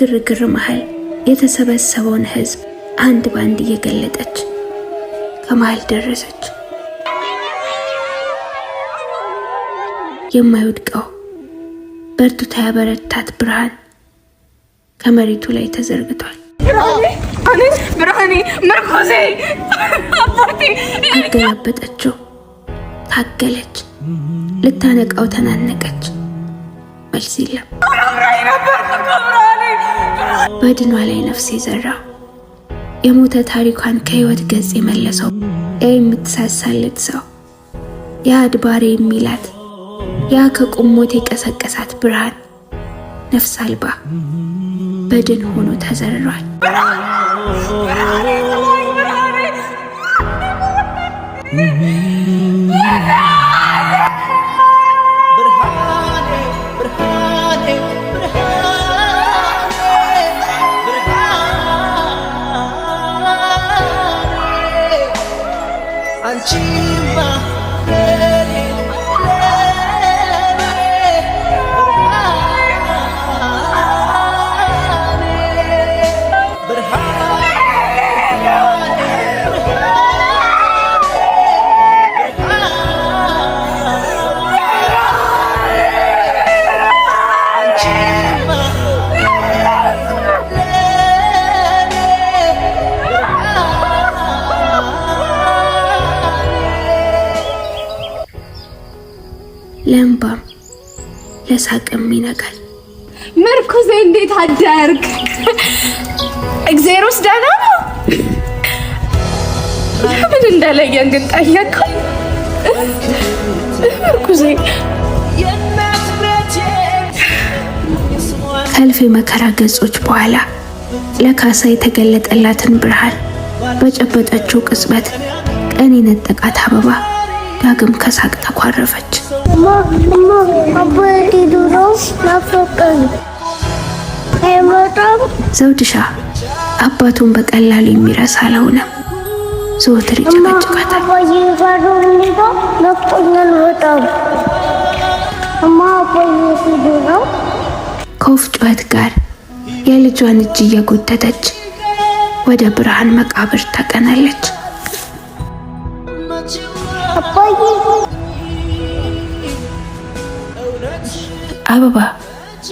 በግርግር መሃል የተሰበሰበውን ህዝብ አንድ ባንድ እየገለጠች ከመሃል ደረሰች። የማይወድቀው በርቱታ ያበረታት ብርሃን ከመሬቱ ላይ ተዘርግቷል። ብርሃኔ አገላበጠችው። ታገለች፣ ልታነቃው ተናነቀች። መልስ የለም። በድኗ ላይ ነፍስ የዘራ የሞተ ታሪኳን ከህይወት ገጽ የመለሰው ያ የምትሳሳለት ሰው ያ አድባሬ የሚላት ያ ከቁሞት የቀሰቀሳት ብርሃን ነፍስ አልባ በድን ሆኖ ተዘርሯል። G. ለሳቅም ይነቃል። ምርኩዝ እንዴት አደርግ? እግዜር ውስጥ ደህና ነው። ምን እንደለየን ግን ጠየቅኩኝ። ምርኩዜ ከእልፍ መከራ ገጾች በኋላ ለካሳ የተገለጠላትን ብርሃን በጨበጠችው ቅጽበት ቀን የነጠቃት አበባ ዳግም ከሳቅ ተኳረፈች። ዘውድሻ አባቱን በቀላሉ የሚረሳ አልሆነም። ዘወትር ይጨቃጭቃታል። ከወፍ ጩኸት ጋር የልጇን እጅ እየጎተተች ወደ ብርሃን መቃብር ተቀናለች። አበባ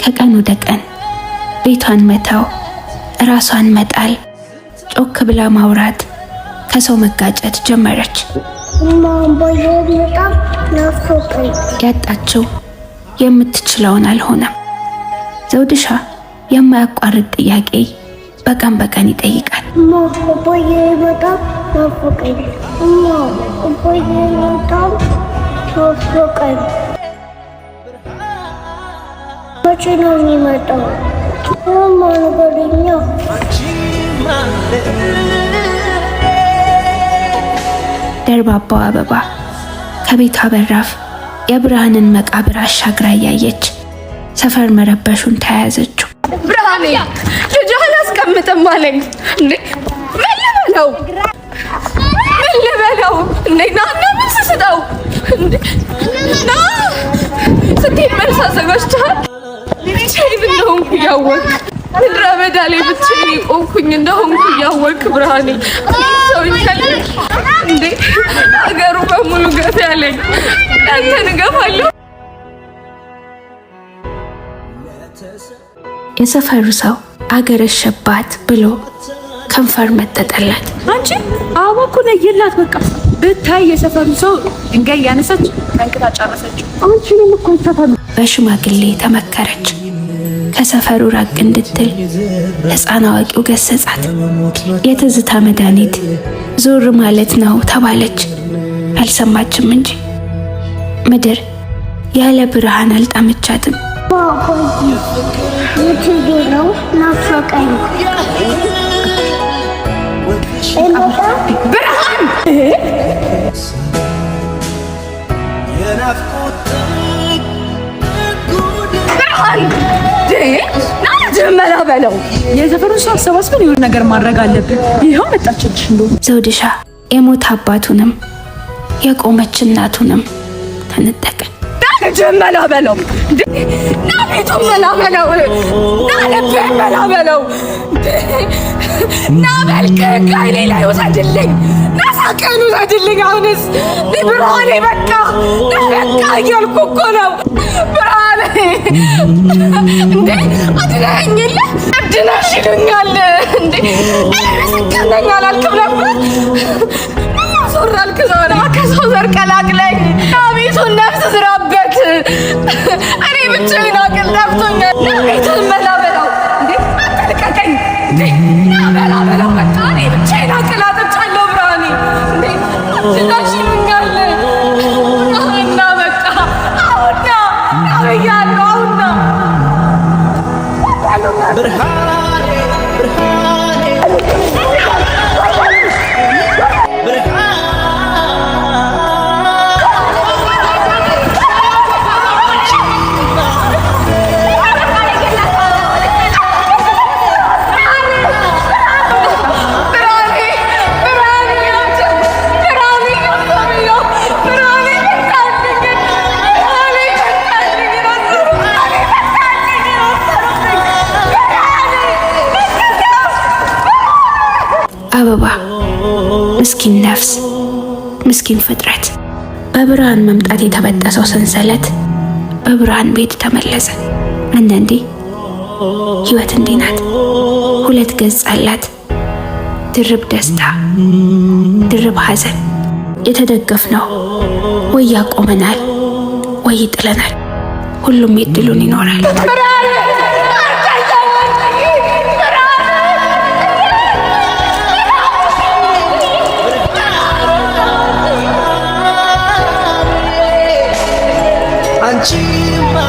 ከቀን ወደ ቀን ቤቷን መተው፣ ራሷን መጣል፣ ጮክ ብላ ማውራት፣ ከሰው መጋጨት ጀመረች። ያጣችው የምትችለውን አልሆነም። ዘውድሻ የማያቋርጥ ጥያቄ በቀን በቀን ይጠይቃል። ናፈቀኝ እማ እቦይ በጣም ናፈቀኝ። መቼ ነው የሚመጣው? እማ ንገረኛ። ደርባባው አበባ ከቤቷ በራፍ የብርሃንን መቃብር አሻግራ እያየች ሰፈር መረበሹን ተያያዘችው። ብርሃኔ ልጇን አስቀምጥም አለኝ። ምን ልበለው? እንዴ ና ና ምን ስስጠው ና ስትሄድ መልስ አዘጋጅተሃል። ብቻዬን እንደሆንኩ እያወቅህ ምድረ በዳ ላይ ብቻዬን የቆምኩኝ እንደሆንኩ እያወቅህ ብርሃኔ ሰው እንዴ ሀገሩ በሙሉ ገፍ ያለኝ አንተን እገፋለሁ። የሰፈሩ ሰው አገረሸባት ብሎ ከንፈር መጠጠላት። አንቺ አበባ እኮ ነየላት በቃ ብታይ የሰፈሩ ሰው ድንጋይ ያነሰች ተንክታ ጨረሰችው። አንቺንም እኮ ሰፈሩ በሽማግሌ ተመከረች። ከሰፈሩ ራቅ እንድትል ሕፃን አዋቂው ገሰጻት። የትዝታ መድኃኒት ዞር ማለት ነው ተባለች። አልሰማችም እንጂ ምድር ያለ ብርሃን አልጣመቻትም። ናፈቀኝ በለው የዘፈኑን ሰው አሰባስበን የሆነ ነገር ማድረግ አለብን። ይኸው መጣችልሽ። እንዶ ዘውድሻ የሞት አባቱንም የቆመች እናቱንም ተነጠቀ። ልጅህን በለው፣ አለ እንዴ አድናኝ የለ አድናሽ ይሉኛል እንዴ ስከነኝ አላልክም ነበር ሶራልክ ዛሬ ከሰው ዘር ቀላቅለኝ አቤቱን ነፍስ ዝራበት እኔ ብቻዬን አቅል ጠፍቶኛል ቤቱን መላበላው እንዴ አታልቀቀኝ እንዴ But how? ምስኪን ነፍስ፣ ምስኪን ፍጥረት። በብርሃን መምጣት የተበጠሰው ሰንሰለት በብርሃን ቤት ተመለሰ። አንዳንዴ ህይወት እንዲህ ናት። ሁለት ገጽ አላት። ድርብ ደስታ፣ ድርብ ሐዘን። ነው ወይ ያቆመናል ወይ ይጥለናል። ሁሉም የድሉን ይኖራል። Chima.